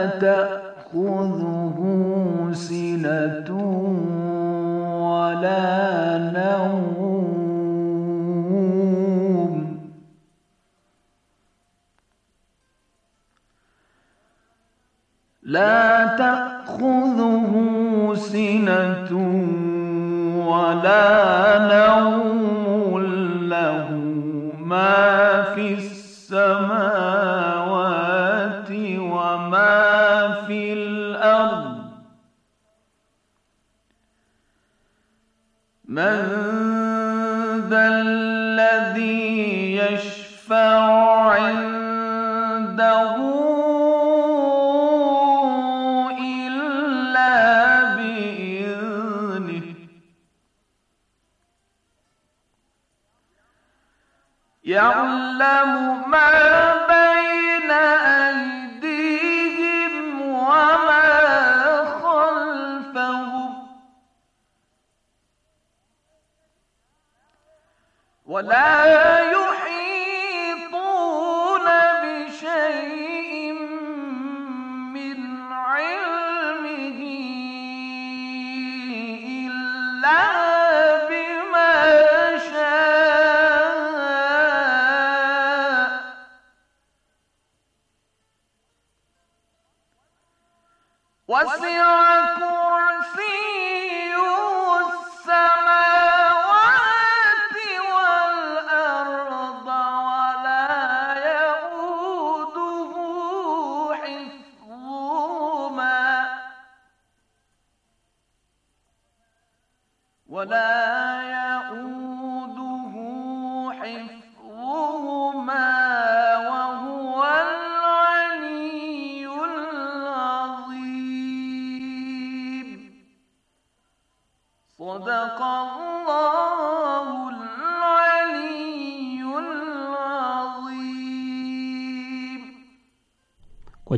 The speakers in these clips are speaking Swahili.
تأخذه سنة ولا نوم لا تأخذه سنة ولا نوم ولا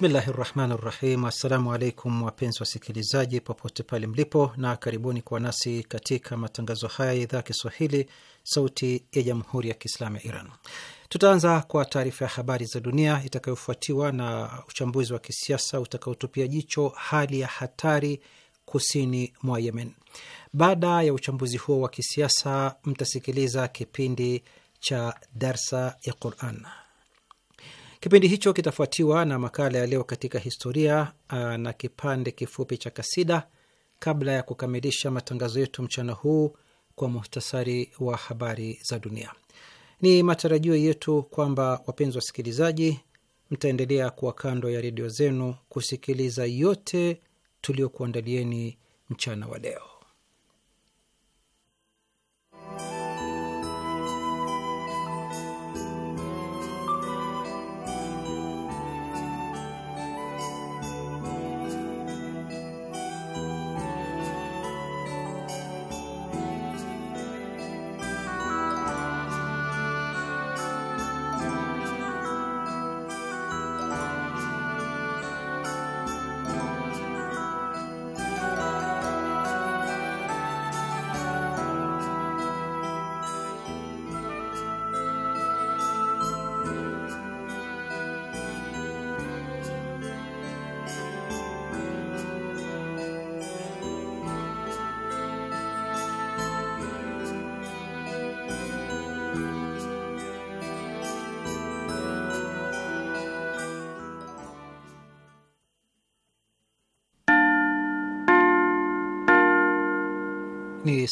Bismillahi rahmani rahim. Assalamu alaikum wapenzi wasikilizaji popote pale mlipo, na karibuni kwa nasi katika matangazo haya ya idhaa ya Kiswahili sauti ya jamhuri ya Kiislamu ya Iran. Tutaanza kwa taarifa ya habari za dunia itakayofuatiwa na uchambuzi wa kisiasa utakaotupia jicho hali ya hatari kusini mwa Yemen. Baada ya uchambuzi huo wa kisiasa, mtasikiliza kipindi cha darsa ya Quran. Kipindi hicho kitafuatiwa na makala ya leo katika historia uh, na kipande kifupi cha kasida kabla ya kukamilisha matangazo yetu mchana huu kwa muhtasari wa habari za dunia. Ni matarajio yetu kwamba wapenzi wasikilizaji, mtaendelea kuwa kando ya redio zenu kusikiliza yote tuliokuandalieni mchana wa leo.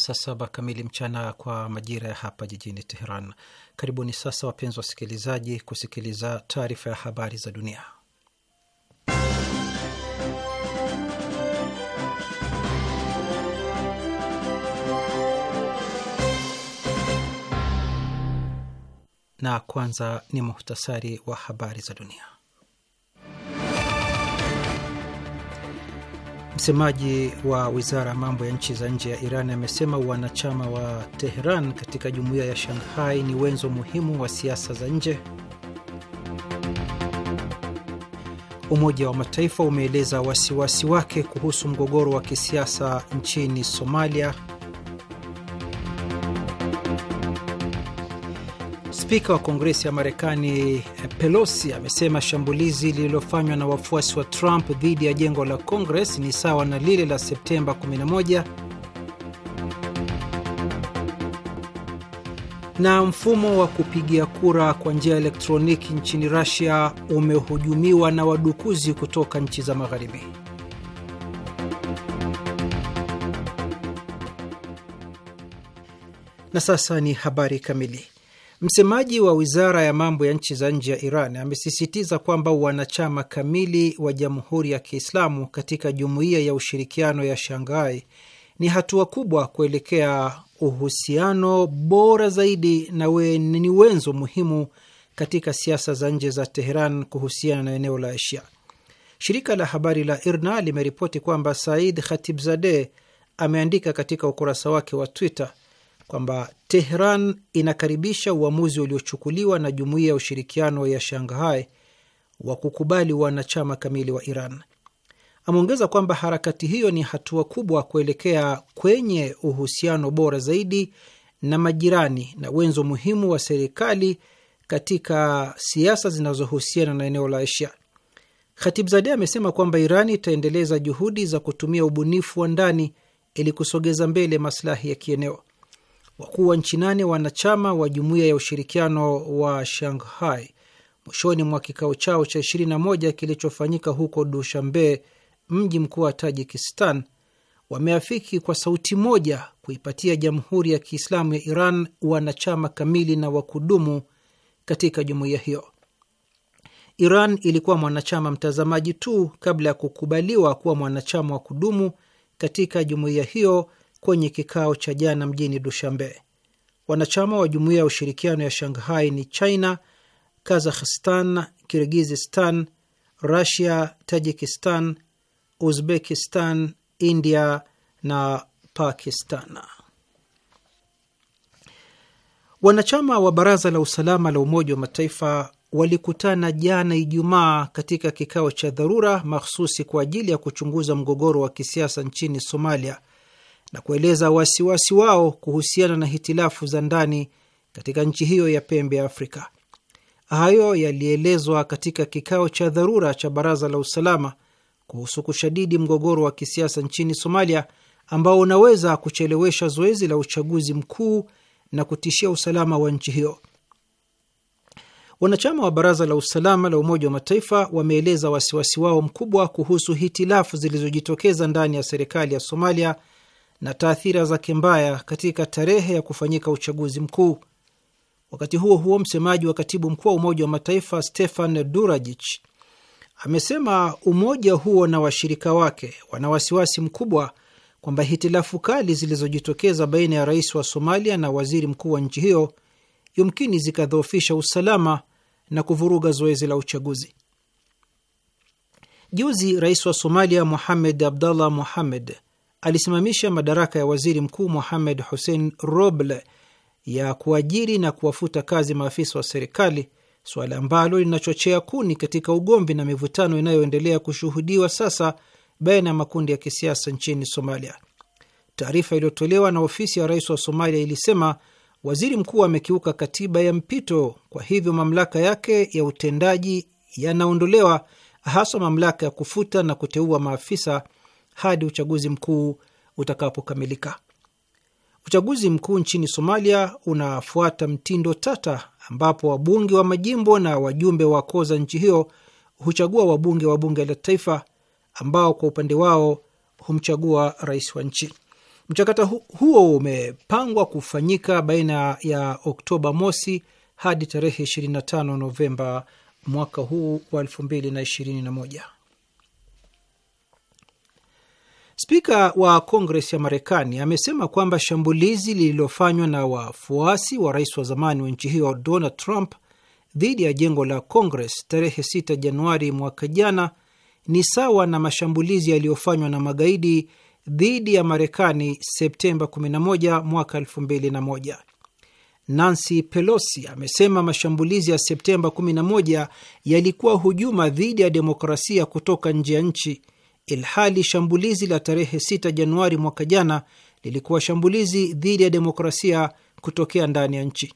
saa saba kamili mchana kwa majira ya hapa jijini Teheran. Karibuni sasa, wapenzi wasikilizaji, kusikiliza taarifa ya habari za dunia, na kwanza ni muhtasari wa habari za dunia. Msemaji wa wizara ya mambo ya nchi za nje ya Iran amesema wanachama wa Teheran katika jumuiya ya Shanghai ni wenzo muhimu wa siasa za nje. Umoja wa Mataifa umeeleza wasiwasi wake kuhusu mgogoro wa kisiasa nchini Somalia. Spika wa Kongresi ya Marekani eh, Pelosi amesema shambulizi lililofanywa na wafuasi wa Trump dhidi ya jengo la Kongres ni sawa na lile la Septemba 11. Na mfumo wa kupigia kura kwa njia ya elektroniki nchini rusia umehujumiwa na wadukuzi kutoka nchi za Magharibi. Na sasa ni habari kamili. Msemaji wa wizara ya mambo ya nchi za nje ya Iran amesisitiza kwamba wanachama kamili wa Jamhuri ya Kiislamu katika Jumuiya ya Ushirikiano ya Shanghai ni hatua kubwa kuelekea uhusiano bora zaidi na we, ni wenzo muhimu katika siasa za nje za Teheran kuhusiana na eneo la Asia. Shirika la habari la IRNA limeripoti kwamba Said Khatibzadeh ameandika katika ukurasa wake wa Twitter kwamba Tehran inakaribisha uamuzi uliochukuliwa na Jumuiya ya Ushirikiano ya Shanghai wa kukubali wanachama kamili wa Iran. Ameongeza kwamba harakati hiyo ni hatua kubwa kuelekea kwenye uhusiano bora zaidi na majirani na wenzo muhimu wa serikali katika siasa zinazohusiana na eneo la Asia. Khatibzadeh amesema kwamba Iran itaendeleza juhudi za kutumia ubunifu wa ndani ili kusogeza mbele maslahi ya kieneo wakuu wa nchi nane wanachama wa jumuiya ya ushirikiano wa Shanghai mwishoni mwa kikao chao cha 21 kilichofanyika huko Dushanbe, mji mkuu wa Tajikistan, wameafiki kwa sauti moja kuipatia Jamhuri ya Kiislamu ya Iran wanachama kamili na wakudumu katika jumuiya hiyo. Iran ilikuwa mwanachama mtazamaji tu kabla ya kukubaliwa kuwa mwanachama wa kudumu katika jumuiya hiyo kwenye kikao cha jana mjini Dushambe. Wanachama wa jumuiya ya ushirikiano ya Shanghai ni China, Kazakhstan, Kirgizistan, Rusia, Tajikistan, Uzbekistan, India na Pakistan. Wanachama wa baraza la usalama la Umoja wa Mataifa walikutana jana Ijumaa katika kikao cha dharura mahsusi kwa ajili ya kuchunguza mgogoro wa kisiasa nchini Somalia na kueleza wasiwasi wao kuhusiana na hitilafu za ndani katika nchi hiyo ya pembe ya Afrika. Hayo yalielezwa katika kikao cha dharura cha Baraza la Usalama kuhusu kushadidi mgogoro wa kisiasa nchini Somalia ambao unaweza kuchelewesha zoezi la uchaguzi mkuu na kutishia usalama wa nchi hiyo. Wanachama wa Baraza la Usalama la Umoja wa Mataifa wameeleza wasiwasi wao mkubwa kuhusu hitilafu zilizojitokeza ndani ya serikali ya Somalia na taathira zake mbaya katika tarehe ya kufanyika uchaguzi mkuu. Wakati huo huo, msemaji wa katibu mkuu wa Umoja wa Mataifa Stefan Durajich amesema umoja huo na washirika wake wana wasiwasi mkubwa kwamba hitilafu kali zilizojitokeza baina ya rais wa Somalia na waziri mkuu wa nchi hiyo yumkini zikadhoofisha usalama na kuvuruga zoezi la uchaguzi. Juzi rais wa Somalia Mohamed Abdallah Mohamed alisimamisha madaraka ya waziri mkuu Mohamed Hussein Roble ya kuajiri na kuwafuta kazi maafisa wa serikali, suala ambalo linachochea kuni katika ugomvi na mivutano inayoendelea kushuhudiwa sasa baina ya makundi ya kisiasa nchini Somalia. Taarifa iliyotolewa na ofisi ya rais wa Somalia ilisema waziri mkuu amekiuka katiba ya mpito, kwa hivyo mamlaka yake ya utendaji yanaondolewa, haswa mamlaka ya kufuta na kuteua maafisa hadi uchaguzi mkuu utakapokamilika. Uchaguzi mkuu nchini Somalia unafuata mtindo tata, ambapo wabunge wa majimbo na wajumbe wa koo za nchi hiyo huchagua wabunge wa bunge la taifa ambao kwa upande wao humchagua rais wa nchi. Mchakato huo umepangwa kufanyika baina ya Oktoba mosi hadi tarehe 25 Novemba mwaka huu wa 2021. Spika wa Kongres ya Marekani amesema kwamba shambulizi lililofanywa na wafuasi wa rais wa zamani wa nchi hiyo Donald Trump dhidi ya jengo la Kongres tarehe 6 Januari mwaka jana ni sawa na mashambulizi yaliyofanywa na magaidi dhidi ya Marekani Septemba 11 mwaka 2001. Nancy Pelosi amesema mashambulizi ya Septemba 11 yalikuwa hujuma dhidi ya demokrasia kutoka nje ya nchi ilhali shambulizi la tarehe 6 Januari mwaka jana lilikuwa shambulizi dhidi ya demokrasia kutokea ndani ya nchi.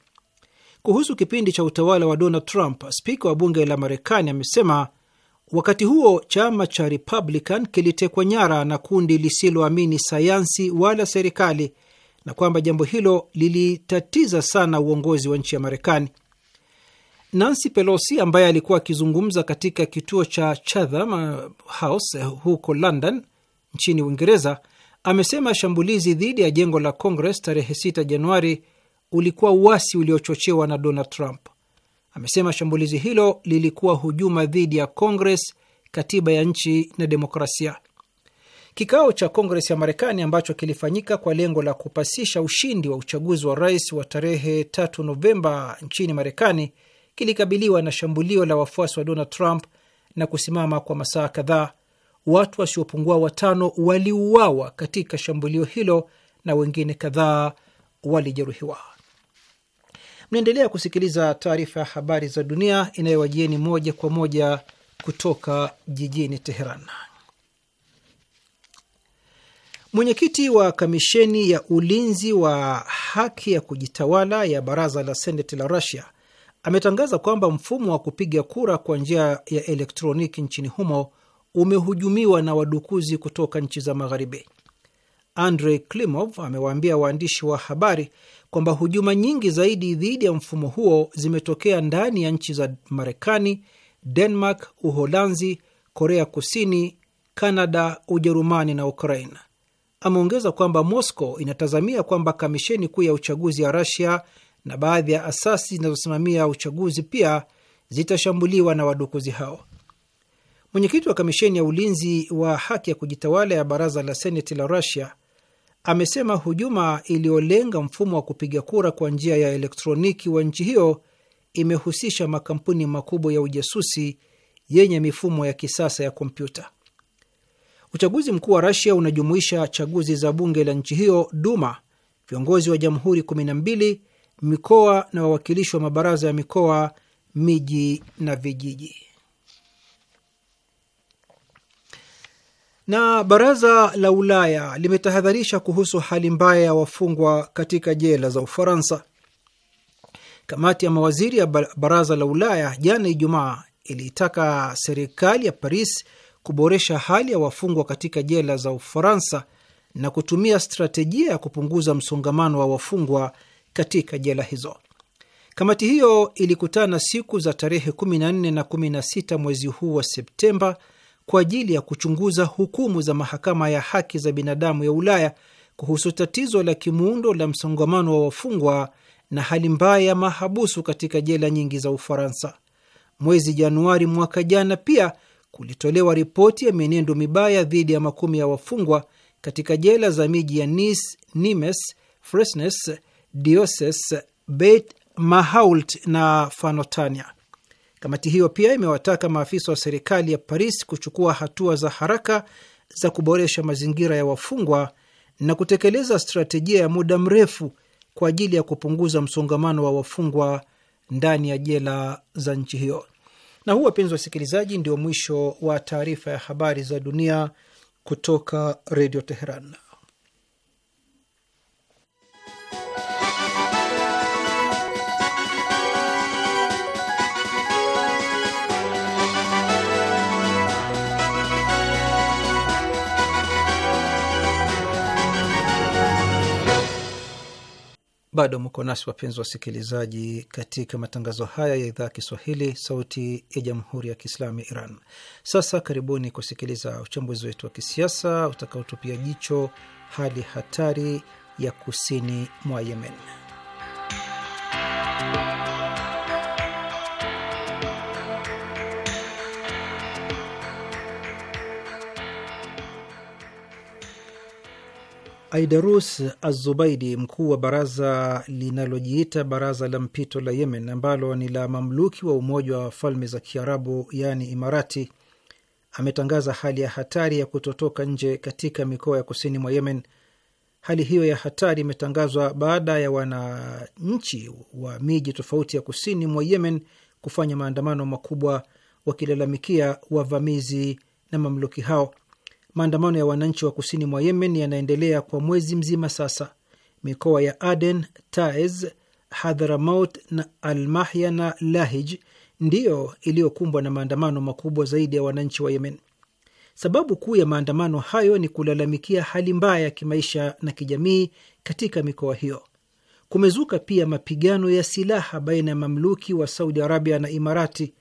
Kuhusu kipindi cha utawala wa Donald Trump, spika wa bunge la Marekani amesema wakati huo chama cha Republican kilitekwa nyara na kundi lisiloamini sayansi wala serikali na kwamba jambo hilo lilitatiza sana uongozi wa nchi ya Marekani. Nancy Pelosi ambaye alikuwa akizungumza katika kituo cha Chatham uh, House eh, huko London nchini Uingereza amesema shambulizi dhidi ya jengo la Congress tarehe 6 Januari ulikuwa uasi uliochochewa na Donald Trump. Amesema shambulizi hilo lilikuwa hujuma dhidi ya Congress, katiba ya nchi na demokrasia. Kikao cha Kongres ya Marekani ambacho kilifanyika kwa lengo la kupasisha ushindi wa uchaguzi wa rais wa tarehe 3 Novemba nchini Marekani kilikabiliwa na shambulio la wafuasi wa Donald Trump na kusimama kwa masaa kadhaa. Watu wasiopungua watano waliuawa katika shambulio hilo na wengine kadhaa walijeruhiwa. Mnaendelea kusikiliza taarifa ya habari za dunia inayowajieni moja kwa moja kutoka jijini Teheran. Mwenyekiti wa kamisheni ya ulinzi wa haki ya kujitawala ya baraza la seneti la Rusia ametangaza kwamba mfumo wa kupiga kura kwa njia ya elektroniki nchini humo umehujumiwa na wadukuzi kutoka nchi za Magharibi. Andrei Klimov amewaambia waandishi wa habari kwamba hujuma nyingi zaidi dhidi ya mfumo huo zimetokea ndani ya nchi za Marekani, Denmark, Uholanzi, Korea Kusini, Kanada, Ujerumani na Ukraina. Ameongeza kwamba Moscow inatazamia kwamba kamisheni kuu ya uchaguzi ya rasia na baadhi ya asasi zinazosimamia uchaguzi pia zitashambuliwa na wadukuzi hao. Mwenyekiti wa kamisheni ya ulinzi wa haki ya kujitawala ya baraza la seneti la Rusia amesema hujuma iliyolenga mfumo wa kupiga kura kwa njia ya elektroniki wa nchi hiyo imehusisha makampuni makubwa ya ujasusi yenye mifumo ya kisasa ya kompyuta. Uchaguzi mkuu wa rasia unajumuisha chaguzi za bunge la nchi hiyo, Duma, viongozi wa jamhuri 12 mikoa na wawakilishi wa mabaraza ya mikoa, miji na vijiji. Na baraza la Ulaya limetahadharisha kuhusu hali mbaya ya wafungwa katika jela za Ufaransa. Kamati ya mawaziri ya baraza la Ulaya jana Ijumaa iliitaka serikali ya Paris kuboresha hali ya wafungwa katika jela za Ufaransa na kutumia stratejia ya kupunguza msongamano wa wafungwa katika jela hizo. Kamati hiyo ilikutana siku za tarehe 14 na 16 mwezi huu wa Septemba kwa ajili ya kuchunguza hukumu za mahakama ya haki za binadamu ya Ulaya kuhusu tatizo la kimuundo la msongamano wa wafungwa na hali mbaya ya mahabusu katika jela nyingi za Ufaransa. Mwezi Januari mwaka jana pia kulitolewa ripoti ya mienendo mibaya dhidi ya makumi ya wafungwa katika jela za miji ya Nice, Nimes, Fresnes Dioses, Beit Mahault na Fanotania. Kamati hiyo pia imewataka maafisa wa serikali ya Paris kuchukua hatua za haraka za kuboresha mazingira ya wafungwa na kutekeleza strategia ya muda mrefu kwa ajili ya kupunguza msongamano wa wafungwa ndani ya jela za nchi hiyo. Na huu, wapenzi wasikilizaji, ndio mwisho wa taarifa ya habari za dunia kutoka Redio Teheran. Bado mko nasi wapenzi wasikilizaji, katika matangazo haya ya idhaa ya Kiswahili, sauti ya jamhuri ya kiislamu ya Iran. Sasa karibuni kusikiliza uchambuzi wetu wa kisiasa utakaotupia jicho hali hatari ya kusini mwa Yemen. Aidarus Azubaidi, mkuu wa baraza linalojiita Baraza la Mpito la Yemen, ambalo ni la mamluki wa Umoja wa Falme za Kiarabu, yaani Imarati, ametangaza hali ya hatari ya kutotoka nje katika mikoa ya kusini mwa Yemen. Hali hiyo ya hatari imetangazwa baada ya wananchi wa miji tofauti ya kusini mwa Yemen kufanya maandamano makubwa wakilalamikia wavamizi na mamluki hao. Maandamano ya wananchi wa kusini mwa Yemen yanaendelea kwa mwezi mzima sasa. Mikoa ya Aden, Taiz, Hadhramaut na Almahya na Lahij ndiyo iliyokumbwa na maandamano makubwa zaidi ya wananchi wa Yemen. Sababu kuu ya maandamano hayo ni kulalamikia hali mbaya ya kimaisha na kijamii katika mikoa hiyo. Kumezuka pia mapigano ya silaha baina ya mamluki wa Saudi Arabia na Imarati,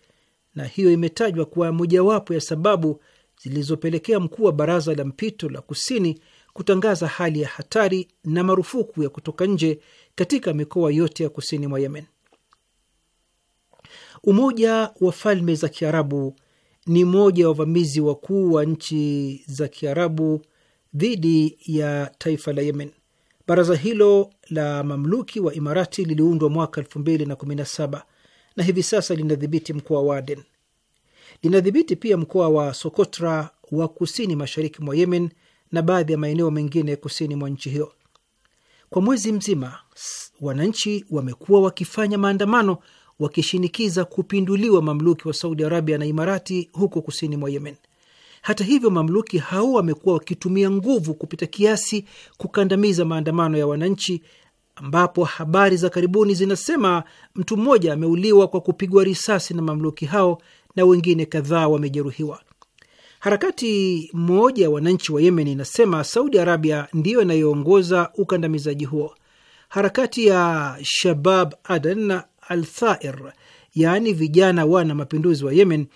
na hiyo imetajwa kuwa mojawapo ya sababu zilizopelekea mkuu wa baraza la mpito la kusini kutangaza hali ya hatari na marufuku ya kutoka nje katika mikoa yote ya kusini mwa Yemen. Umoja wa Falme za Kiarabu ni mmoja wa wavamizi wakuu wa nchi za Kiarabu dhidi ya taifa la Yemen. Baraza hilo la mamluki wa Imarati liliundwa mwaka 2017 na hivi sasa linadhibiti mkoa wa Aden. Linadhibiti pia mkoa wa Sokotra wa kusini mashariki mwa Yemen na baadhi ya maeneo mengine kusini mwa nchi hiyo. Kwa mwezi mzima, wananchi wamekuwa wakifanya maandamano wakishinikiza kupinduliwa mamluki wa Saudi Arabia na Imarati huko kusini mwa Yemen. Hata hivyo, mamluki hao wamekuwa wakitumia nguvu kupita kiasi kukandamiza maandamano ya wananchi, ambapo habari za karibuni zinasema mtu mmoja ameuliwa kwa kupigwa risasi na mamluki hao na wengine kadhaa wamejeruhiwa. Harakati moja ya wananchi wa Yemen inasema Saudi Arabia ndiyo inayoongoza ukandamizaji huo. Harakati ya Shabab Adan Althair, yaani vijana wana mapinduzi wa Yemen,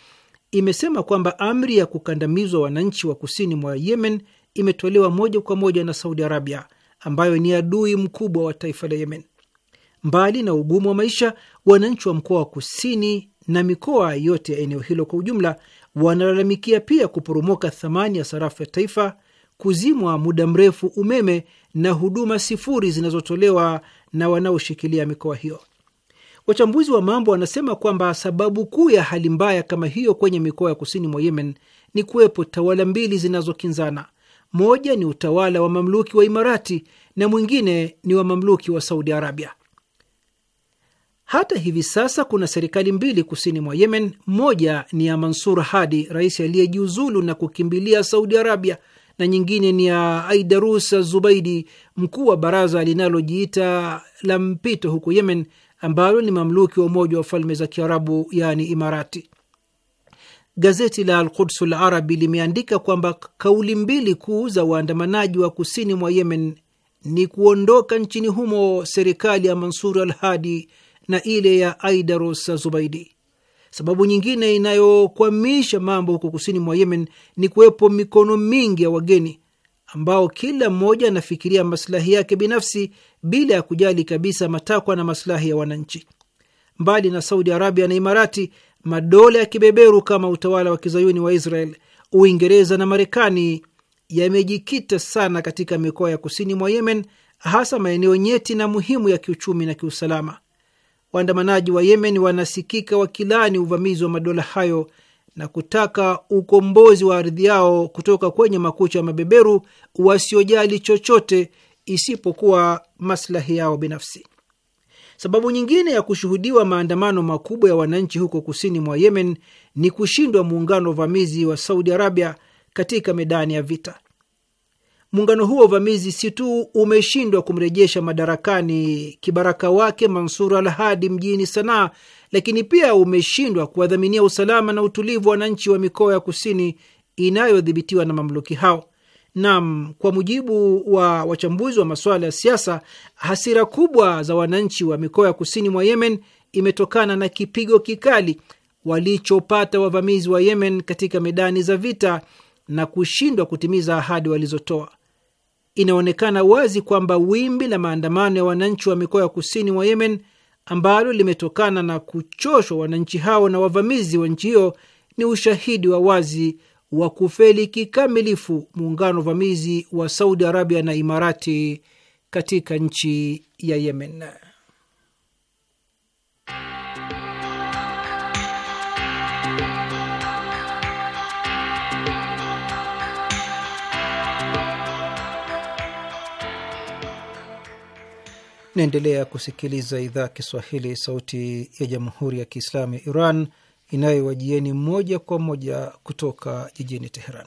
imesema kwamba amri ya kukandamizwa wananchi wa kusini mwa Yemen imetolewa moja kwa moja na Saudi Arabia, ambayo ni adui mkubwa wa taifa la Yemen. Mbali na ugumu wa maisha, wananchi wa mkoa wa kusini na mikoa yote ya eneo hilo kwa ujumla wanalalamikia pia kuporomoka thamani ya sarafu ya taifa, kuzimwa muda mrefu umeme na huduma sifuri zinazotolewa na wanaoshikilia mikoa hiyo. Wachambuzi wa mambo wanasema kwamba sababu kuu ya hali mbaya kama hiyo kwenye mikoa ya kusini mwa Yemen ni kuwepo tawala mbili zinazokinzana. Moja ni utawala wa mamluki wa Imarati na mwingine ni wa mamluki wa Saudi Arabia. Hata hivi sasa kuna serikali mbili kusini mwa Yemen. Moja ni ya Mansur Hadi, rais aliyejiuzulu na kukimbilia Saudi Arabia, na nyingine ni ya Aidarus Zubaidi, mkuu wa baraza linalojiita la mpito huko Yemen, ambalo ni mamluki wa Umoja wa Falme za Kiarabu, yani Imarati. Gazeti la Alquds l Al-Arabi limeandika kwamba kauli mbili kuu za waandamanaji wa kusini mwa Yemen ni kuondoka nchini humo serikali ya Mansur al-Hadi na ile ya Aidarus Zubaidi. Sababu nyingine inayokwamisha mambo huko kusini mwa Yemen ni kuwepo mikono mingi ya wageni ambao kila mmoja anafikiria masilahi yake binafsi bila ya kujali kabisa matakwa na masilahi ya wananchi. Mbali na Saudi Arabia na Imarati, madola ya kibeberu kama utawala wa kizayuni wa Israel, Uingereza na Marekani yamejikita sana katika mikoa ya kusini mwa Yemen, hasa maeneo nyeti na muhimu ya kiuchumi na kiusalama waandamanaji wa Yemen wanasikika wakilani uvamizi wa madola hayo na kutaka ukombozi wa ardhi yao kutoka kwenye makucha ya mabeberu wasiojali chochote isipokuwa maslahi yao binafsi. Sababu nyingine ya kushuhudiwa maandamano makubwa ya wananchi huko kusini mwa Yemen ni kushindwa muungano wa uvamizi wa Saudi Arabia katika medani ya vita muungano huo wa uvamizi si tu umeshindwa kumrejesha madarakani kibaraka wake Mansur al Hadi mjini Sanaa, lakini pia umeshindwa kuwadhaminia usalama na utulivu wa wananchi wa mikoa ya kusini inayodhibitiwa na mamluki hao. Naam, kwa mujibu wa wachambuzi wa masuala ya siasa, hasira kubwa za wananchi wa mikoa ya kusini mwa Yemen imetokana na kipigo kikali walichopata wavamizi wa Yemen katika medani za vita na kushindwa kutimiza ahadi walizotoa inaonekana wazi kwamba wimbi la maandamano ya wananchi wa mikoa ya kusini mwa Yemen ambalo limetokana na kuchoshwa wananchi hao na wavamizi wa nchi hiyo ni ushahidi wa wazi wa kufeli kikamilifu muungano wa vamizi wa Saudi Arabia na Imarati katika nchi ya Yemen. Naendelea kusikiliza idhaa Kiswahili sauti ya jamhuri ya kiislamu ya Iran inayowajieni moja kwa moja kutoka jijini Teheran.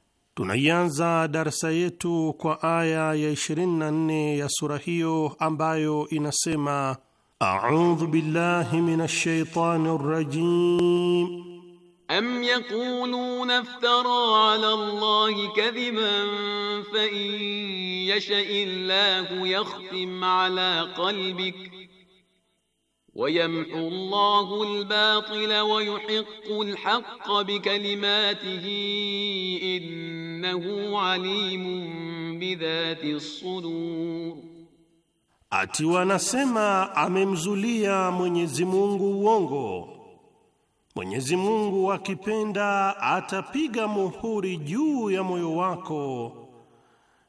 Tunaianza darsa yetu kwa aya ya 24 ya sura hiyo ambayo inasema: audhu billahi minash shaitani rrajim am yaquluna iftara ala Allahi kadhiban fa in yasha illahu yakhtim ala qalbik wayamhu Allahu albatila wa yuhiqqu alhaqqa bikalimatihi innahu alimun bidhati sudur, ati wanasema amemzulia Mwenyezi Mungu uongo. Mwenyezi Mungu akipenda atapiga muhuri juu ya moyo wako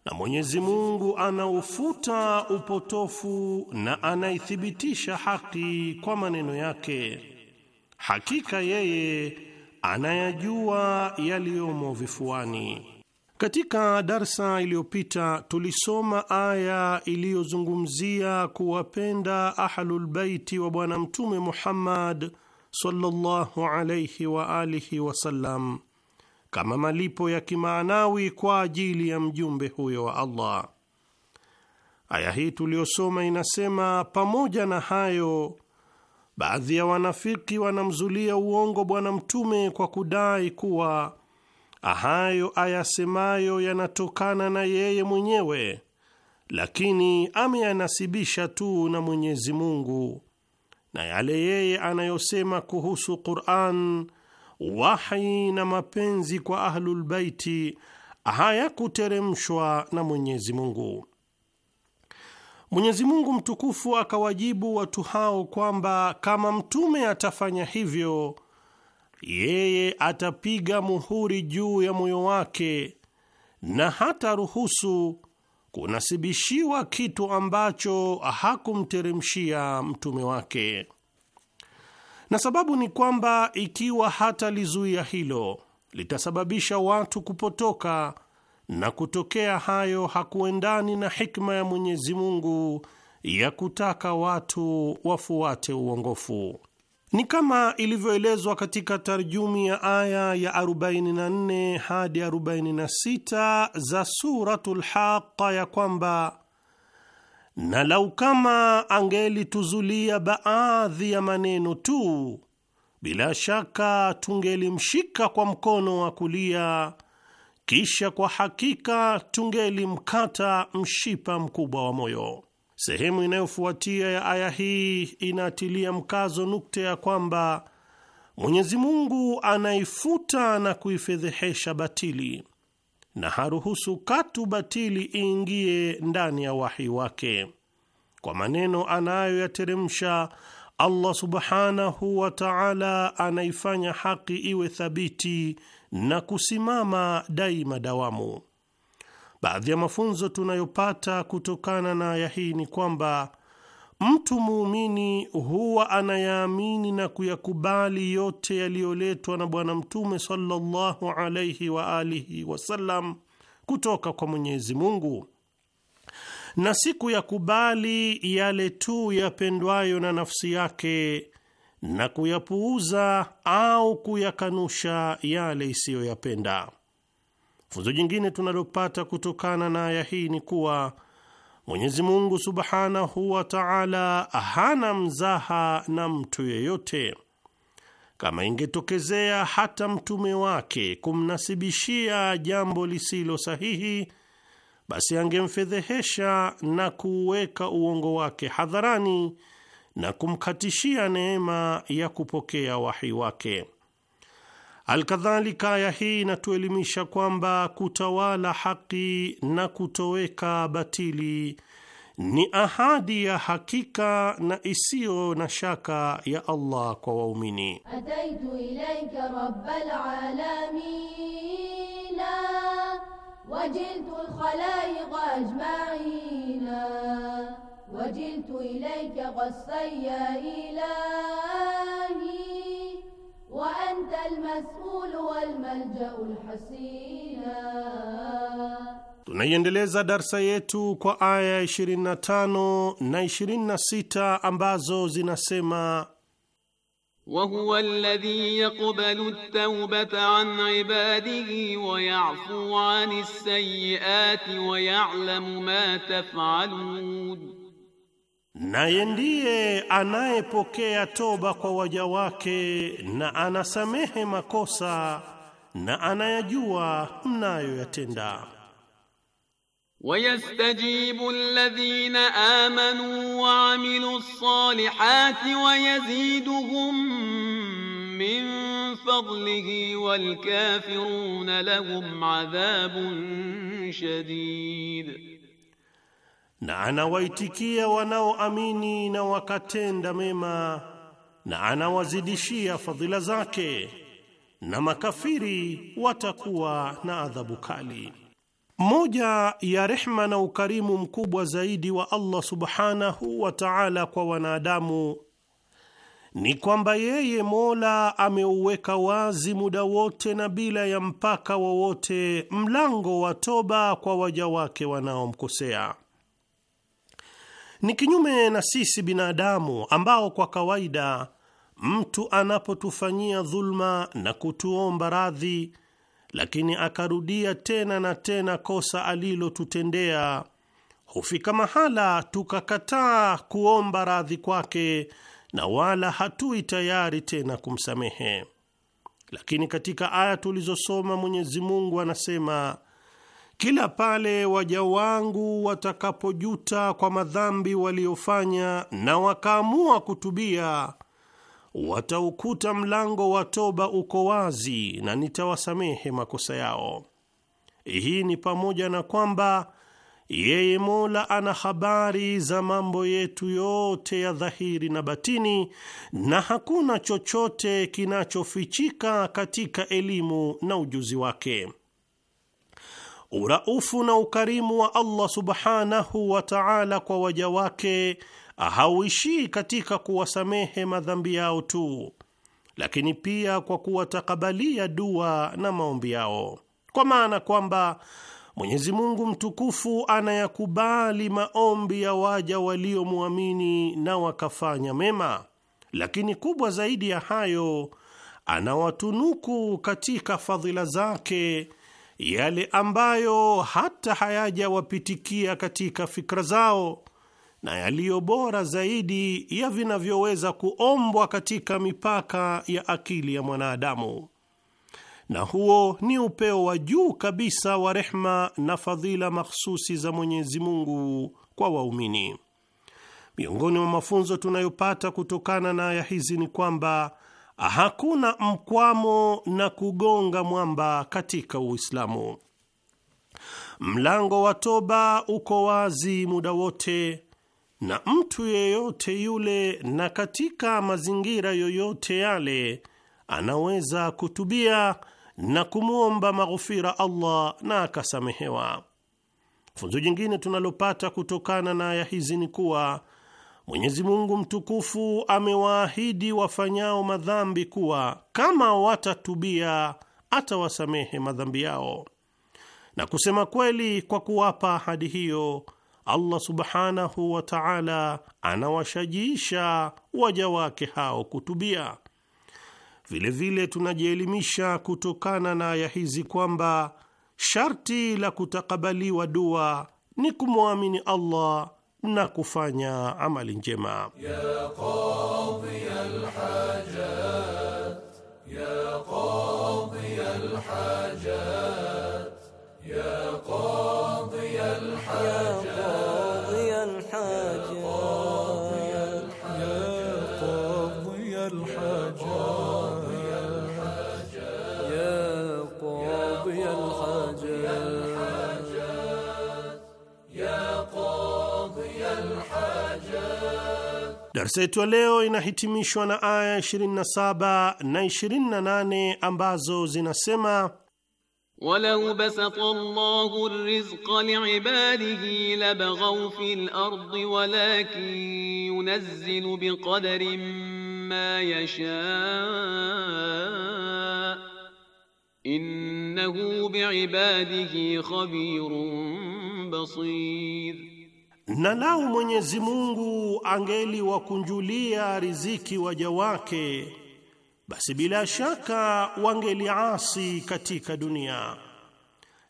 na Mwenyezi Mungu anaufuta upotofu na anaithibitisha haki kwa maneno yake. Hakika yeye anayajua yaliyomo vifuani. Katika darsa iliyopita tulisoma aya iliyozungumzia kuwapenda ahlul baiti wa Bwana Mtume Muhammad sallallahu alayhi wa alihi wasallam kama malipo ya kimaanawi kwa ajili ya mjumbe huyo wa Allah. Aya hii tuliyosoma inasema, pamoja na hayo, baadhi ya wanafiki wanamzulia uongo Bwana Mtume kwa kudai kuwa hayo ayasemayo yanatokana na yeye mwenyewe, lakini ameyanasibisha tu na Mwenyezi Mungu, na yale yeye anayosema kuhusu Qur'an wahi na mapenzi kwa Ahlulbaiti hayakuteremshwa na Mwenyezi Mungu. Mwenyezi Mungu mtukufu akawajibu watu hao kwamba kama mtume atafanya hivyo, yeye atapiga muhuri juu ya moyo wake na hataruhusu kunasibishiwa kitu ambacho hakumteremshia mtume wake na sababu ni kwamba ikiwa hatalizuia hilo litasababisha watu kupotoka na kutokea hayo hakuendani na hikma ya Mwenyezi Mungu ya kutaka watu wafuate uongofu. Ni kama ilivyoelezwa katika tarjumi ya aya ya 44 hadi 46 za Suratul Haqa ya kwamba na lau kama angelituzulia baadhi ya maneno tu, bila shaka tungelimshika kwa mkono wa kulia, kisha kwa hakika tungelimkata mshipa mkubwa wa moyo. Sehemu inayofuatia ya aya hii inaatilia mkazo nukta ya kwamba Mwenyezi Mungu anaifuta na kuifedhehesha batili na haruhusu katu batili iingie ndani ya wahi wake. Kwa maneno anayoyateremsha Allah subhanahu wa ta'ala, anaifanya haki iwe thabiti na kusimama daima dawamu. Baadhi ya mafunzo tunayopata kutokana na aya hii ni kwamba Mtu muumini huwa anayaamini na kuyakubali yote yaliyoletwa na Bwana Mtume sallallahu alaihi wa alihi wasallam kutoka kwa Mwenyezi Mungu, na si kuyakubali yale tu yapendwayo na nafsi yake na kuyapuuza au kuyakanusha yale isiyoyapenda. Funzo jingine tunalopata kutokana na aya hii ni kuwa Mwenyezi Mungu subhanahu wa taala hana mzaha na mtu yeyote. Kama ingetokezea hata mtume wake kumnasibishia jambo lisilo sahihi, basi angemfedhehesha na kuweka uongo wake hadharani na kumkatishia neema ya kupokea wahi wake. Alkadhalika, aya hii inatuelimisha kwamba kutawala haki na kutoweka batili ni ahadi ya hakika na isiyo na shaka ya Allah kwa waumini. وأنت المسؤول والملجأ الحسينا Tunaiendeleza darsa yetu kwa aya 25 na 26 ambazo zinasema وهو الذي يقبل التوبة عن عباده ويعفو عن السيئات ويعلم ما تفعلون Naye ndiye anayepokea toba kwa waja wake na anasamehe makosa na anayajua mnayoyatenda. Wayastajibu alladhina amanu wa amilu ssalihati wayaziduhum min fadlihi walkafiruna lahum adhabun shadid na anawaitikia wanaoamini na wakatenda mema, na anawazidishia fadhila zake, na makafiri watakuwa na adhabu kali. Moja ya rehma na ukarimu mkubwa zaidi wa Allah subhanahu wa ta'ala kwa wanadamu ni kwamba yeye Mola ameuweka wazi muda wote na bila ya mpaka wowote mlango wa toba kwa waja wake wanaomkosea. Ni kinyume na sisi binadamu ambao kwa kawaida mtu anapotufanyia dhulma na kutuomba radhi, lakini akarudia tena na tena kosa alilotutendea, hufika mahala tukakataa kuomba radhi kwake na wala hatui tayari tena kumsamehe. Lakini katika aya tulizosoma, Mwenyezi Mungu anasema kila pale waja wangu watakapojuta kwa madhambi waliofanya na wakaamua kutubia, wataukuta mlango wa toba uko wazi na nitawasamehe makosa yao. Hii ni pamoja na kwamba yeye Mola ana habari za mambo yetu yote ya dhahiri na batini, na hakuna chochote kinachofichika katika elimu na ujuzi wake uraufu na ukarimu wa Allah subhanahu wa taala kwa waja wake hauishii katika kuwasamehe madhambi yao tu, lakini pia kwa kuwatakabalia dua na maombi yao, kwa maana kwamba Mwenyezi Mungu mtukufu anayakubali maombi ya waja waliomwamini na wakafanya mema, lakini kubwa zaidi ya hayo, anawatunuku katika fadhila zake yale ambayo hata hayajawapitikia katika fikra zao na yaliyo bora zaidi ya vinavyoweza kuombwa katika mipaka ya akili ya mwanadamu. Na huo ni upeo wa juu kabisa wa rehma na fadhila makhususi za Mwenyezi Mungu kwa waumini. Miongoni mwa mafunzo tunayopata kutokana na aya hizi ni kwamba hakuna mkwamo na kugonga mwamba katika Uislamu. Mlango wa toba uko wazi muda wote na mtu yeyote yule na katika mazingira yoyote yale anaweza kutubia na kumwomba maghufira Allah na akasamehewa. Funzo jingine tunalopata kutokana na aya hizi ni kuwa Mwenyezi Mungu mtukufu amewaahidi wafanyao madhambi kuwa kama watatubia atawasamehe madhambi yao, na kusema kweli, kwa kuwapa ahadi hiyo Allah subhanahu wa ta'ala anawashajiisha waja wake hao kutubia. Vilevile tunajielimisha kutokana na aya hizi kwamba sharti la kutakabaliwa dua ni kumwamini Allah na kufanya amali njema ya qadhi alhajat ya Darsa yetu ya leo inahitimishwa na aya 27 na 28 ambazo zinasema walau basata Allahu rizqa liibadihi labaghaw fil ardi walakin yunazzilu biqadarin ma yasha innahu biibadihi khabirun basir Na lau Mwenyezi Mungu angeliwakunjulia riziki waja wake, basi bila shaka wangeliasi katika dunia,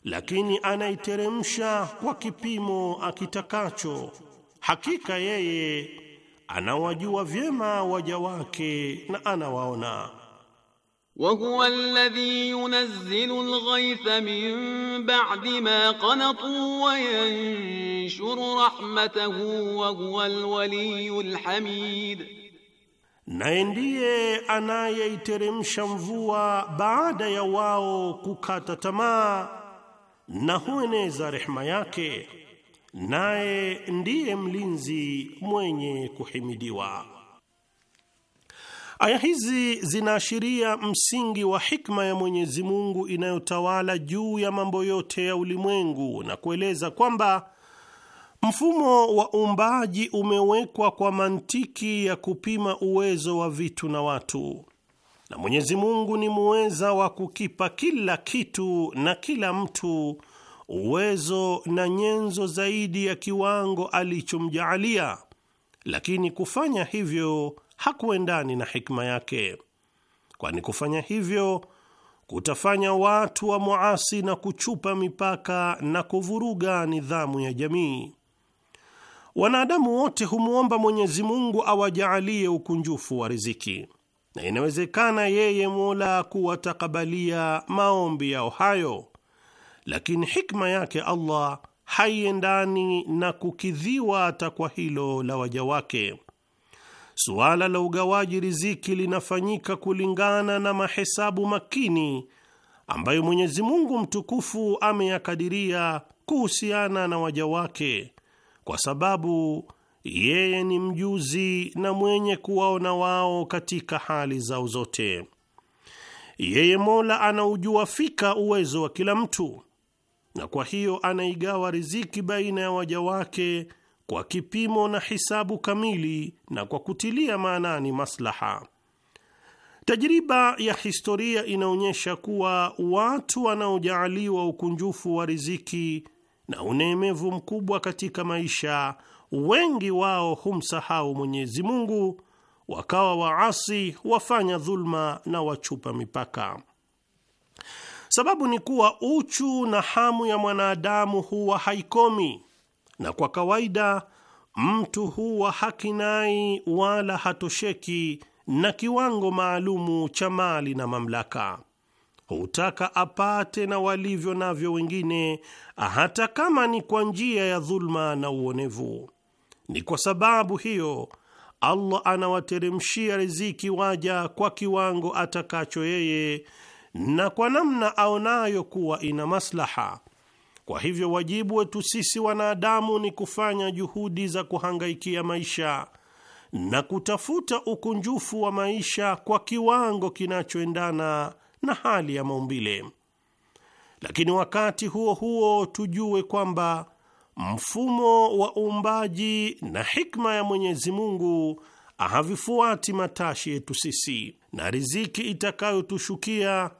lakini anaiteremsha kwa kipimo akitakacho. Hakika yeye anawajua vyema waja wake na anawaona. وهو الذي ينزل الغيث من بعد ما قنطوا وينشر رحمته وهو الولي الحميد naye ndiye anayeiteremsha mvua baada ya wao kukata tamaa na hueneza rehema yake, naye ndiye mlinzi mwenye kuhimidiwa. Aya hizi zinaashiria msingi wa hikma ya Mwenyezi Mungu inayotawala juu ya mambo yote ya ulimwengu na kueleza kwamba mfumo wa uumbaji umewekwa kwa mantiki ya kupima uwezo wa vitu na watu, na Mwenyezi Mungu ni muweza wa kukipa kila kitu na kila mtu uwezo na nyenzo zaidi ya kiwango alichomjaalia, lakini kufanya hivyo hakuendani na hikma yake, kwani kufanya hivyo kutafanya watu wa muasi na kuchupa mipaka na kuvuruga nidhamu ya jamii. Wanadamu wote humwomba Mwenyezi Mungu awajaalie ukunjufu wa riziki, na inawezekana yeye Mola kuwatakabalia maombi yao hayo, lakini hikma yake Allah haiendani na kukidhiwa takwa hilo la waja wake suala la ugawaji riziki linafanyika kulingana na mahesabu makini ambayo Mwenyezi Mungu mtukufu ameyakadiria kuhusiana na waja wake, kwa sababu yeye ni mjuzi na mwenye kuwaona wao katika hali zao zote. Yeye Mola anaujua fika uwezo wa kila mtu, na kwa hiyo anaigawa riziki baina ya waja wake kwa kipimo na hisabu kamili na kwa kutilia maanani maslaha. Tajriba ya historia inaonyesha kuwa watu wanaojaaliwa ukunjufu wa riziki na unemevu mkubwa katika maisha, wengi wao humsahau Mwenyezi Mungu, wakawa waasi, wafanya dhulma na wachupa mipaka. Sababu ni kuwa uchu na hamu ya mwanadamu huwa haikomi na kwa kawaida mtu huwa hakinai wala hatosheki na kiwango maalumu cha mali na mamlaka. Hutaka apate na walivyo navyo wengine, hata kama ni kwa njia ya dhulma na uonevu. Ni kwa sababu hiyo Allah anawateremshia riziki waja kwa kiwango atakacho yeye na kwa namna aonayo kuwa ina maslaha kwa hivyo wajibu wetu sisi wanadamu ni kufanya juhudi za kuhangaikia maisha na kutafuta ukunjufu wa maisha kwa kiwango kinachoendana na hali ya maumbile. Lakini wakati huo huo tujue kwamba mfumo wa uumbaji na hikma ya Mwenyezi Mungu havifuati matashi yetu sisi, na riziki itakayotushukia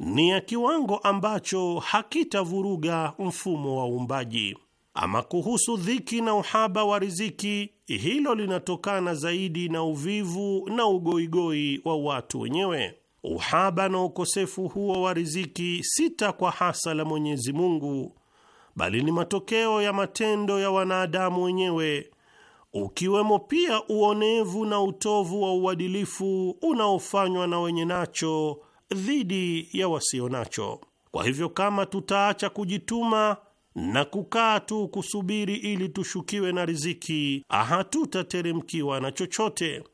ni ya kiwango ambacho hakitavuruga mfumo wa uumbaji. Ama kuhusu dhiki na uhaba wa riziki, hilo linatokana zaidi na uvivu na ugoigoi wa watu wenyewe. Uhaba na ukosefu huo wa riziki si takwa hasa la Mwenyezi Mungu, bali ni matokeo ya matendo ya wanadamu wenyewe, ukiwemo pia uonevu na utovu wa uadilifu unaofanywa na wenye nacho dhidi ya wasio nacho. Kwa hivyo, kama tutaacha kujituma na kukaa tu kusubiri ili tushukiwe na riziki, hatutateremkiwa na chochote,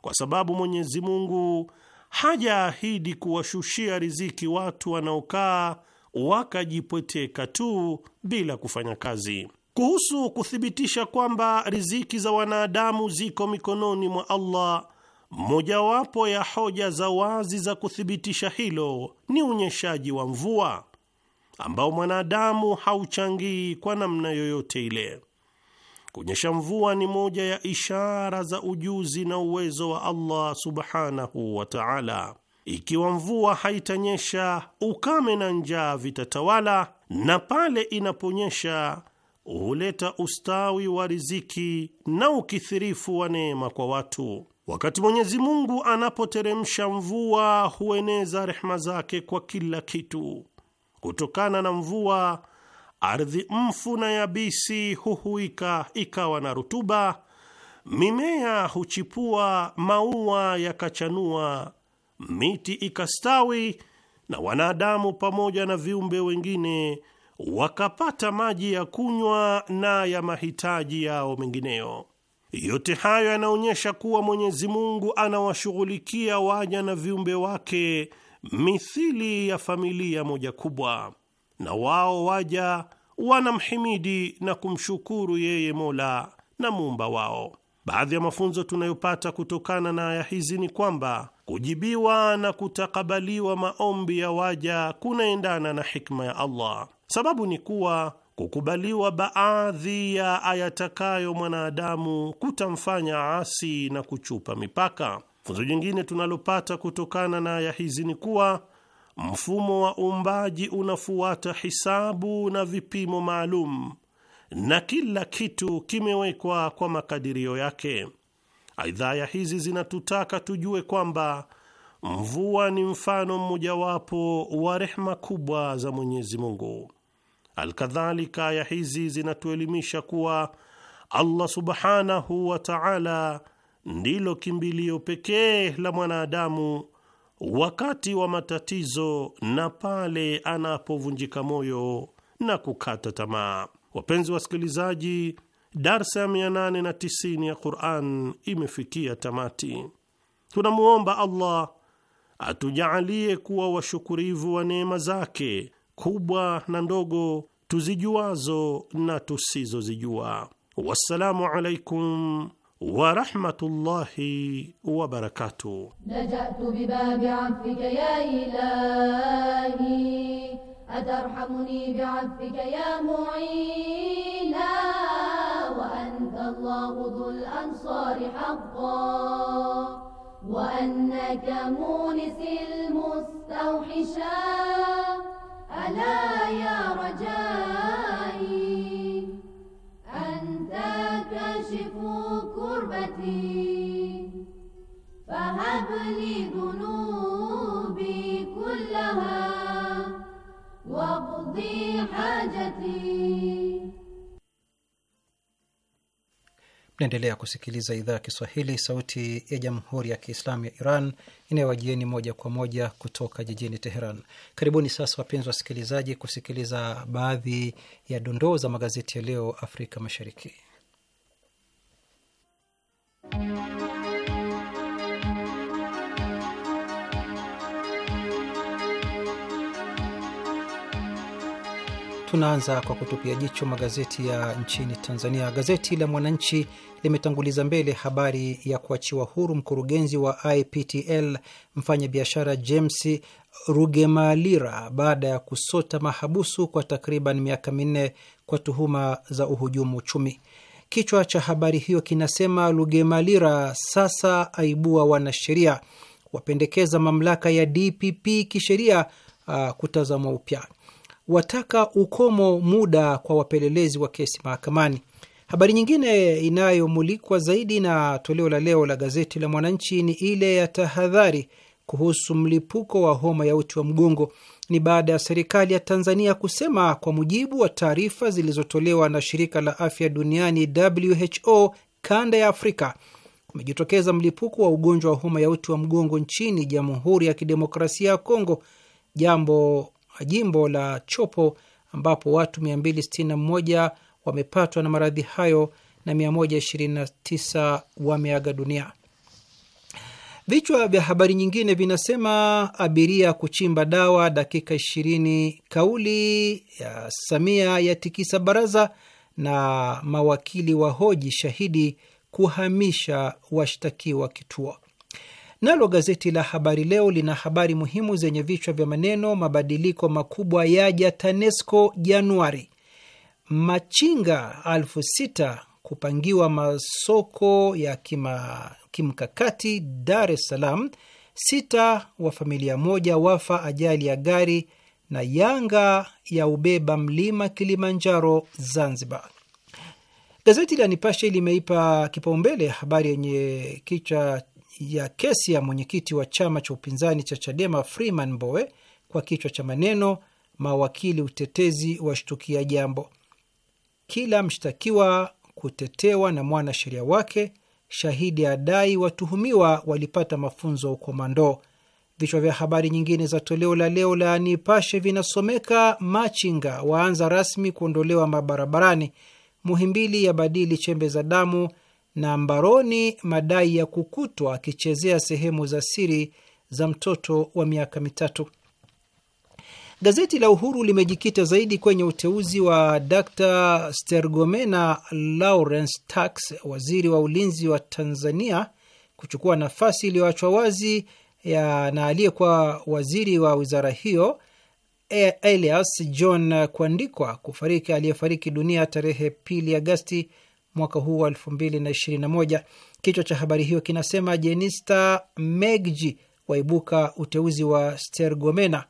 kwa sababu Mwenyezi Mungu hajaahidi kuwashushia riziki watu wanaokaa wakajipweteka tu bila kufanya kazi. Kuhusu kuthibitisha kwamba riziki za wanadamu ziko mikononi mwa Allah Mojawapo ya hoja za wazi za kuthibitisha hilo ni unyeshaji wa mvua ambao mwanadamu hauchangii kwa namna yoyote ile. Kunyesha mvua ni moja ya ishara za ujuzi na uwezo wa Allah subhanahu wa ta'ala. Ikiwa mvua haitanyesha, ukame na njaa vitatawala, na pale inaponyesha huleta ustawi wa riziki na ukithirifu wa neema kwa watu. Wakati Mwenyezi Mungu anapoteremsha mvua hueneza rehma zake kwa kila kitu. Kutokana na mvua, ardhi mfu na yabisi huhuika ikawa na rutuba, mimea huchipua, maua yakachanua, miti ikastawi, na wanadamu pamoja na viumbe wengine wakapata maji ya kunywa na ya mahitaji yao mengineyo. Yote hayo yanaonyesha kuwa Mwenyezi Mungu anawashughulikia waja na viumbe wake mithili ya familia moja kubwa, na wao waja wanamhimidi na kumshukuru yeye Mola na muumba wao. Baadhi ya mafunzo tunayopata kutokana na aya hizi ni kwamba kujibiwa na kutakabaliwa maombi ya waja kunaendana na hikma ya Allah. Sababu ni kuwa kukubaliwa baadhi ya ayatakayo mwanadamu kutamfanya asi na kuchupa mipaka. Funzo jingine tunalopata kutokana na aya hizi ni kuwa mfumo wa uumbaji unafuata hisabu na vipimo maalum na kila kitu kimewekwa kwa makadirio yake. Aidha, aya hizi zinatutaka tujue kwamba mvua ni mfano mmojawapo wa rehma kubwa za Mwenyezi Mungu. Alkadhalika, aya hizi zinatuelimisha kuwa Allah subhanahu wa taala ndilo kimbilio pekee la mwanadamu wakati wa matatizo na pale anapovunjika moyo na kukata tamaa. Wapenzi wasikilizaji, darsa ya 890 ya Quran imefikia tamati. Tunamwomba Allah atujaalie kuwa washukurivu wa neema zake kubwa na ndogo tuzijuazo na tusizozijua. Wassalamu alaikum warahmatullahi wabarakatuh. Najatu bibabi afika ya ilahi atarhamuni biafika ya muina wa anta Allahu dhul ansari haqqa wa annaka munisi ألا يا رجائي أنت كاشف كربتي فهب لي ذنوبي كلها واقضي حاجتي Naendelea kusikiliza idhaa ya Kiswahili, sauti ya jamhuri ya kiislamu ya Iran inayowajieni moja kwa moja kutoka jijini Teheran. Karibuni sasa, wapenzi wasikilizaji, kusikiliza baadhi ya dondoo za magazeti ya leo Afrika Mashariki. Tunaanza kwa kutupia jicho magazeti ya nchini Tanzania. Gazeti la Mwananchi limetanguliza mbele habari ya kuachiwa huru mkurugenzi wa IPTL mfanyabiashara James Rugemalira baada ya kusota mahabusu kwa takriban miaka minne kwa tuhuma za uhujumu uchumi. Kichwa cha habari hiyo kinasema rugemalira sasa aibua wanasheria, wapendekeza mamlaka ya DPP kisheria uh, kutazamwa upya wataka ukomo muda kwa wapelelezi wa kesi mahakamani. Habari nyingine inayomulikwa zaidi na toleo la leo la gazeti la Mwananchi ni ile ya tahadhari kuhusu mlipuko wa homa ya uti wa mgongo. Ni baada ya serikali ya Tanzania kusema, kwa mujibu wa taarifa zilizotolewa na shirika la afya duniani WHO kanda ya Afrika, kumejitokeza mlipuko wa ugonjwa wa homa ya uti wa mgongo nchini Jamhuri ya Kidemokrasia ya Kongo, jambo jimbo la Chopo ambapo watu 261 wamepatwa na maradhi hayo na 129 wameaga dunia. Vichwa vya habari nyingine vinasema: abiria kuchimba dawa dakika 20, kauli ya Samia yatikisa baraza, na mawakili wa hoji shahidi kuhamisha washtakiwa kituo. Nalo gazeti la Habari Leo lina habari muhimu zenye vichwa vya maneno: mabadiliko makubwa yaja TANESCO Januari, machinga elfu sita kupangiwa masoko ya kima, kimkakati Dar es Salaam, sita wa familia moja wafa ajali ya gari, na Yanga ya ubeba mlima Kilimanjaro Zanzibar. Gazeti la Nipashe limeipa kipaumbele habari yenye kichwa ya kesi ya mwenyekiti wa chama cha upinzani cha Chadema Freeman Mbowe kwa kichwa cha maneno mawakili utetezi washtukia jambo, kila mshtakiwa kutetewa na mwanasheria wake, shahidi adai watuhumiwa walipata mafunzo ya ukomando. Vichwa vya habari nyingine za toleo la leo la Nipashe vinasomeka: machinga waanza rasmi kuondolewa mabarabarani, Muhimbili yabadili chembe za damu na mbaroni madai ya kukutwa akichezea sehemu za siri za mtoto wa miaka mitatu. Gazeti la Uhuru limejikita zaidi kwenye uteuzi wa Dr. Stergomena Lawrence Tax, waziri wa ulinzi wa Tanzania, kuchukua nafasi iliyoachwa wazi ya na aliyekuwa waziri wa wizara hiyo e, Elias John Kwandikwa kufariki aliyefariki dunia tarehe pili Agasti mwaka huu wa 2021. Kichwa cha habari hiyo kinasema Jenista Megji waibuka uteuzi wa Stergomena,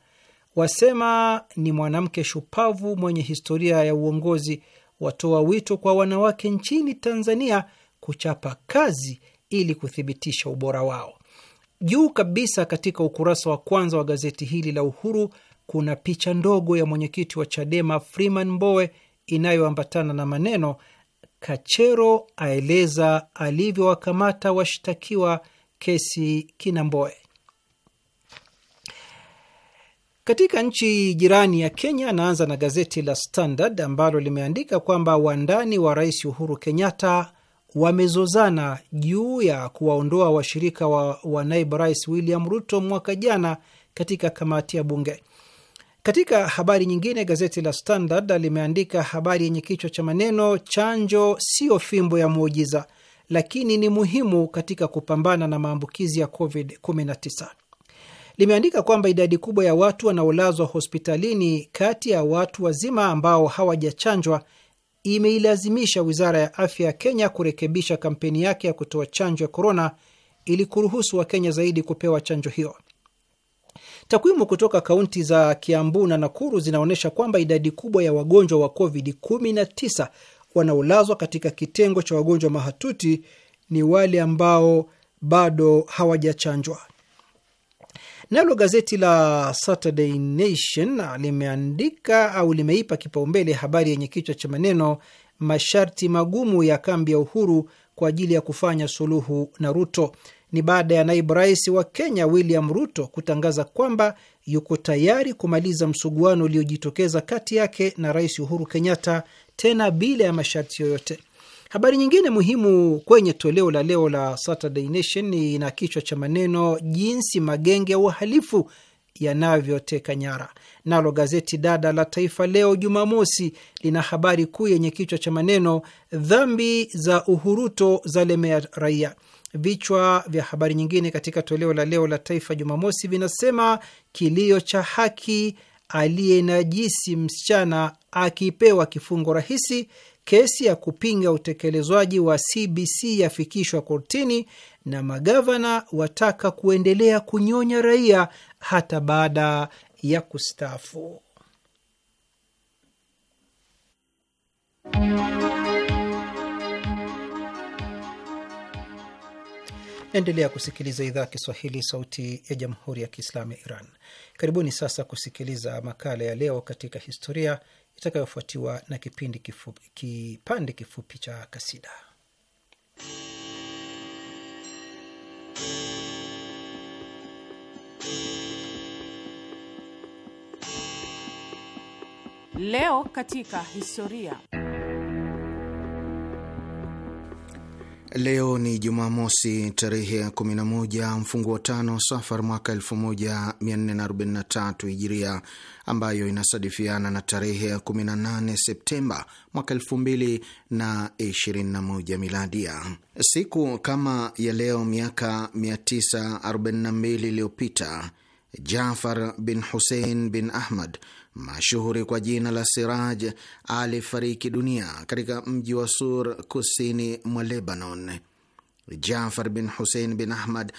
wasema ni mwanamke shupavu mwenye historia ya uongozi, watoa wito kwa wanawake nchini Tanzania kuchapa kazi ili kuthibitisha ubora wao. Juu kabisa katika ukurasa wa kwanza wa gazeti hili la Uhuru kuna picha ndogo ya mwenyekiti wa Chadema Freeman Mbowe inayoambatana na maneno Kachero aeleza alivyowakamata washtakiwa kesi Kinamboe. Katika nchi jirani ya Kenya, anaanza na gazeti la Standard ambalo limeandika kwamba wandani wa Rais Uhuru Kenyatta wamezozana juu ya kuwaondoa washirika wa, wa naibu rais William Ruto mwaka jana katika kamati ya bunge. Katika habari nyingine, gazeti la Standard limeandika habari yenye kichwa cha maneno chanjo siyo fimbo ya muujiza, lakini ni muhimu katika kupambana na maambukizi ya COVID-19. Limeandika kwamba idadi kubwa ya watu wanaolazwa hospitalini kati ya watu wazima ambao hawajachanjwa imeilazimisha wizara ya afya ya Kenya kurekebisha kampeni yake ya kutoa chanjo ya korona ili kuruhusu Wakenya zaidi kupewa chanjo hiyo. Takwimu kutoka kaunti za Kiambu na Nakuru zinaonyesha kwamba idadi kubwa ya wagonjwa wa COVID-19 wanaolazwa katika kitengo cha wagonjwa mahatuti ni wale ambao bado hawajachanjwa. Nalo gazeti la Saturday Nation limeandika au limeipa kipaumbele habari yenye kichwa cha maneno masharti magumu ya kambi ya Uhuru kwa ajili ya kufanya suluhu na Ruto ni baada ya naibu rais wa Kenya William Ruto kutangaza kwamba yuko tayari kumaliza msuguano uliojitokeza kati yake na Rais Uhuru Kenyatta, tena bila ya masharti yoyote. Habari nyingine muhimu kwenye toleo la leo la Saturday Nation ina kichwa cha maneno jinsi magenge ya uhalifu yanavyoteka nyara. Nalo gazeti dada la Taifa Leo Jumamosi lina habari kuu yenye kichwa cha maneno dhambi za Uhuruto za lemea raia. Vichwa vya habari nyingine katika toleo la leo la Taifa Jumamosi vinasema kilio cha haki, aliyenajisi msichana akipewa kifungo rahisi, kesi ya kupinga utekelezwaji wa CBC yafikishwa kortini, na magavana wataka kuendelea kunyonya raia hata baada ya kustaafu. Naendelea kusikiliza idhaa ya Kiswahili, sauti ya jamhuri ya kiislamu ya Iran. Karibuni sasa kusikiliza makala ya leo katika historia itakayofuatiwa na kipindi kifupi, kipande kifupi cha kasida. Leo katika historia Leo ni Jumamosi, tarehe ya 11 mfungu wa tano Safar mwaka 1443 Hijiria, ambayo inasadifiana na tarehe ya 18 Septemba mwaka 2021 Miladia. Siku kama ya leo miaka 942 iliyopita Jafar bin Husein bin Ahmad mashuhuri kwa jina la Siraj alifariki dunia katika mji wa Sur kusini mwa Lebanon. Jafar bin Husein bin Ahmad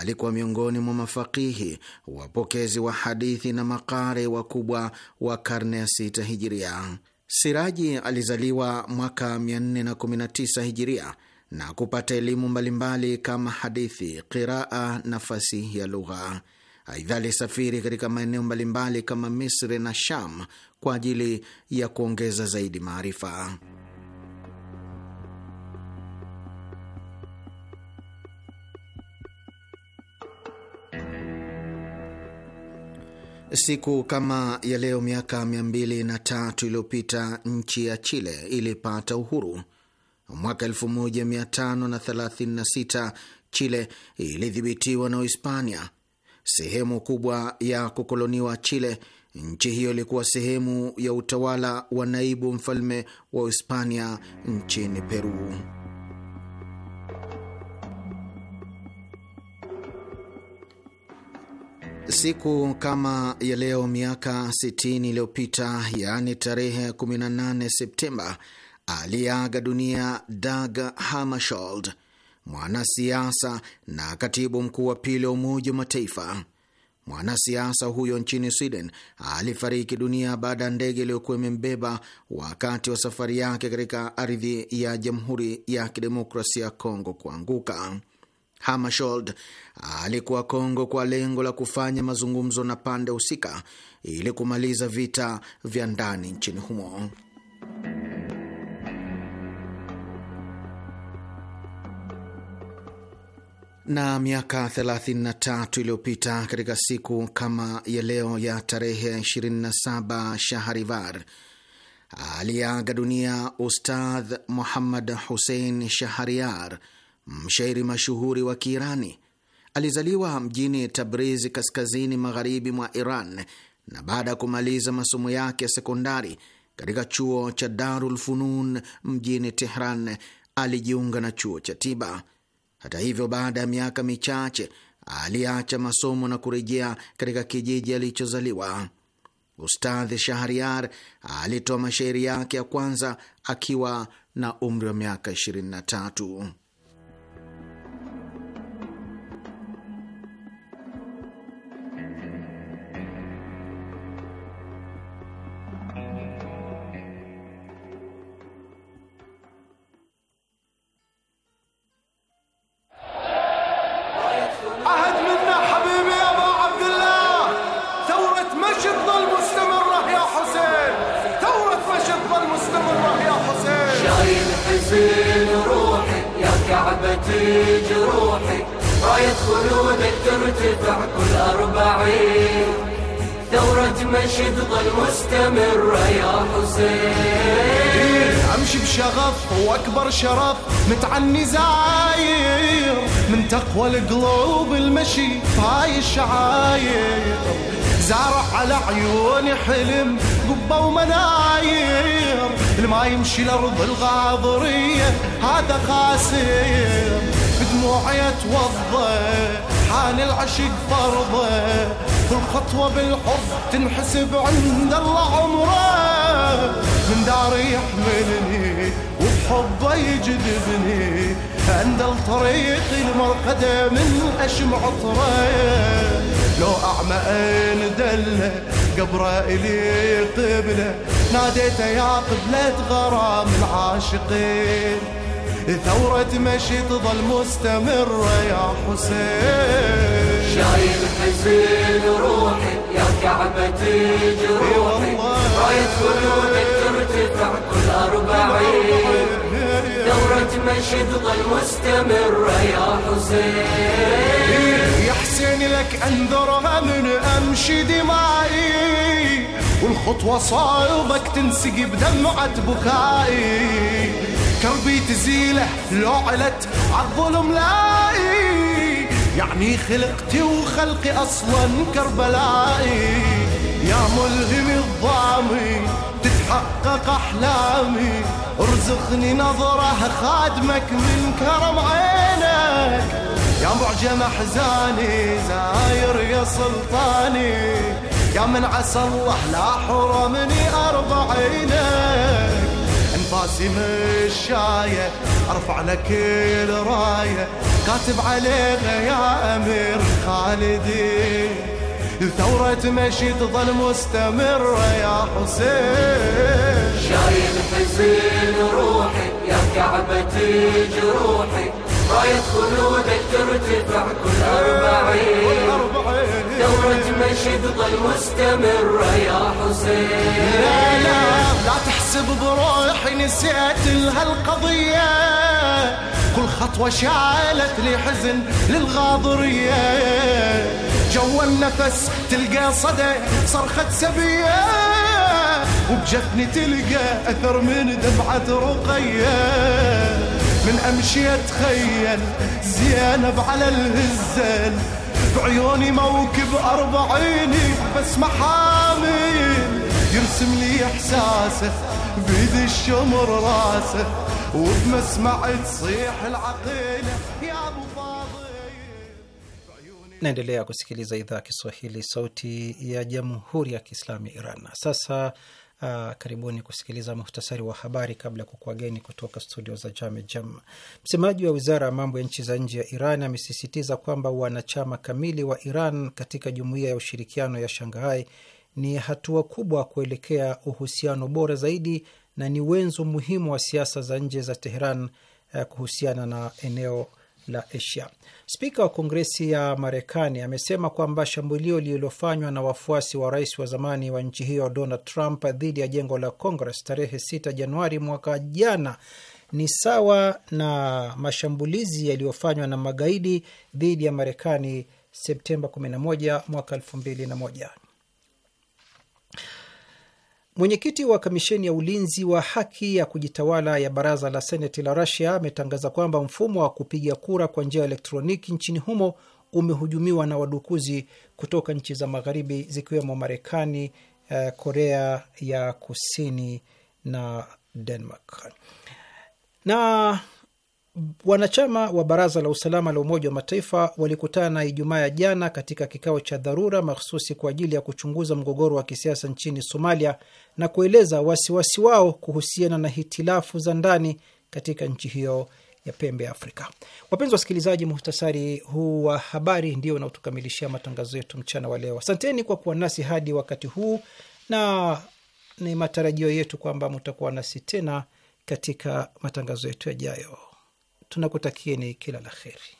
alikuwa miongoni mwa mafakihi wapokezi wa hadithi na makare wakubwa wa karne ya sita hijiria. Siraji alizaliwa mwaka 419 hijiria na kupata elimu mbalimbali kama hadithi, qiraa na fasihi ya lugha. Aidha, alisafiri katika maeneo mbalimbali kama Misri na Sham kwa ajili ya kuongeza zaidi maarifa. Siku kama ya leo miaka mia mbili na tatu iliyopita nchi ya Chile ilipata uhuru. Mwaka 1536 Chile ilidhibitiwa na Uhispania Sehemu kubwa ya kukoloniwa Chile, nchi hiyo ilikuwa sehemu ya utawala wa naibu mfalme wa Hispania nchini Peru. Siku kama ya leo miaka 60 iliyopita, yaani tarehe 18 Septemba, aliaga dunia Dag Hammarskjöld, mwanasiasa na katibu mkuu wa pili wa Umoja wa Mataifa. Mwanasiasa huyo nchini Sweden alifariki dunia baada ya ndege iliyokuwa imembeba wakati wa safari yake katika ardhi ya Jamhuri ya Kidemokrasia ya Kongo kuanguka. Hammarskjöld alikuwa Kongo kwa lengo la kufanya mazungumzo na pande husika ili kumaliza vita vya ndani nchini humo. na miaka 33 iliyopita katika siku kama ya leo ya tarehe 27 Shahrivar aliaga dunia Ustadh Muhammad Hussein Shahriar, mshairi mashuhuri wa Kiirani. Alizaliwa mjini Tabriz, kaskazini magharibi mwa Iran, na baada ya kumaliza masomo yake ya sekondari katika chuo cha darulfunun mjini Tehran, alijiunga na chuo cha tiba. Hata hivyo, baada ya miaka michache aliacha masomo na kurejea katika kijiji alichozaliwa. Ustadhi Shahriar alitoa mashairi yake ya kwanza akiwa na umri wa miaka tatu. القلوب المشي عايش عاير زارع على عيوني حلم قبة ومناير ما يمشي الأرض الغاضرية هذا خاسر بدموعي أتوضى حان العشق فرضي كل خطوة بالحب تنحسب عند الله عمره من داري يحملني حبه يجذبني اندل طريقي المرقدة من اشم عطره لو اعمى ان دله قبره الي قبله ناديته يا قبلة غرام العاشقين ثورة مشي تظل مستمرة يا حسين شايل حزين روحي يا كعبة جروحي راية خلودك ترتفع كل أربعين ثورة مشد ظل مستمرة يا حسين يا حسين لك أنذرها من أمشي دمائي والخطوة صايبك تنسقي بدمعة بكائي كربي تزيله لو علت عالظلم لائي يعني خلقتي وخلقي أصلا كربلائي يا ملهم الضامي حقق أحلامي ارزقني نظرة خادمك من كرم عينك يا معجم أحزاني زاير يا سلطاني يا من عسى الله لا حرمني أربعينك عينك انفاسي مشاية أرفع لك الراية كاتب عليك يا أمير خالدي الثورة مشي تظل مستمرة يا حسين شايل حزين روحي يا كعبة جروحي راية خلودك ترتفع كل أربعين ثورة مشي تظل مستمرة يا حسين لا لا لا تحسب بروحي نسيت القضية كل خطوة شعلت لي حزن للغاضرية جوا النفس تلقى صدى صرخة سبية وبجفني تلقى أثر من دمعة رقية من أمشي أتخيل زينب على الهزال بعيوني موكب أربعيني بس محامي يرسم لي إحساسه بيد الشمر راسه وبمسمع تصيح العقيل Naendelea kusikiliza idhaa ya Kiswahili, sauti ya jamhuri ya kiislamu ya Iran. Sasa uh, karibuni kusikiliza muhtasari wa habari kabla ya kukuageni kutoka studio za Jame Jam. Msemaji wa wizara ya mambo ya nchi za nje ya Iran amesisitiza kwamba wanachama kamili wa Iran katika jumuiya ya ushirikiano ya Shanghai ni hatua kubwa kuelekea uhusiano bora zaidi na ni wenzo muhimu wa siasa za nje za Teheran uh, kuhusiana na eneo la Asia. Spika wa Kongresi ya Marekani amesema kwamba shambulio lililofanywa na wafuasi wa rais wa zamani wa nchi hiyo Donald Trump dhidi ya jengo la Congress tarehe 6 Januari mwaka jana ni sawa na mashambulizi yaliyofanywa na magaidi dhidi ya Marekani Septemba 11 mwaka 2001. Mwenyekiti wa kamisheni ya ulinzi wa haki ya kujitawala ya baraza la seneti la rusia ametangaza kwamba mfumo wa kupiga kura kwa njia ya elektroniki nchini humo umehujumiwa na wadukuzi kutoka nchi za magharibi zikiwemo Marekani, eh, Korea ya Kusini na Denmark. Na Wanachama wa Baraza la Usalama la Umoja wa Mataifa walikutana Ijumaa ya jana katika kikao cha dharura mahsusi kwa ajili ya kuchunguza mgogoro wa kisiasa nchini Somalia na kueleza wasiwasi wao kuhusiana na hitilafu za ndani katika nchi hiyo ya pembe ya Afrika. Wapenzi wasikilizaji, muhtasari huu wa habari ndio unaotukamilishia matangazo yetu mchana wa leo. Asanteni kwa kuwa nasi hadi wakati huu, na ni matarajio yetu kwamba mutakuwa nasi tena katika matangazo yetu yajayo tunakutakieni kila la kheri.